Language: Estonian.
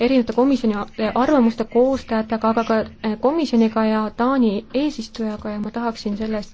erinevate komisjoni arvamuste koostajatega, aga ka eh, komisjoniga ja Taani eesistujaga ja ma tahaksin selle eest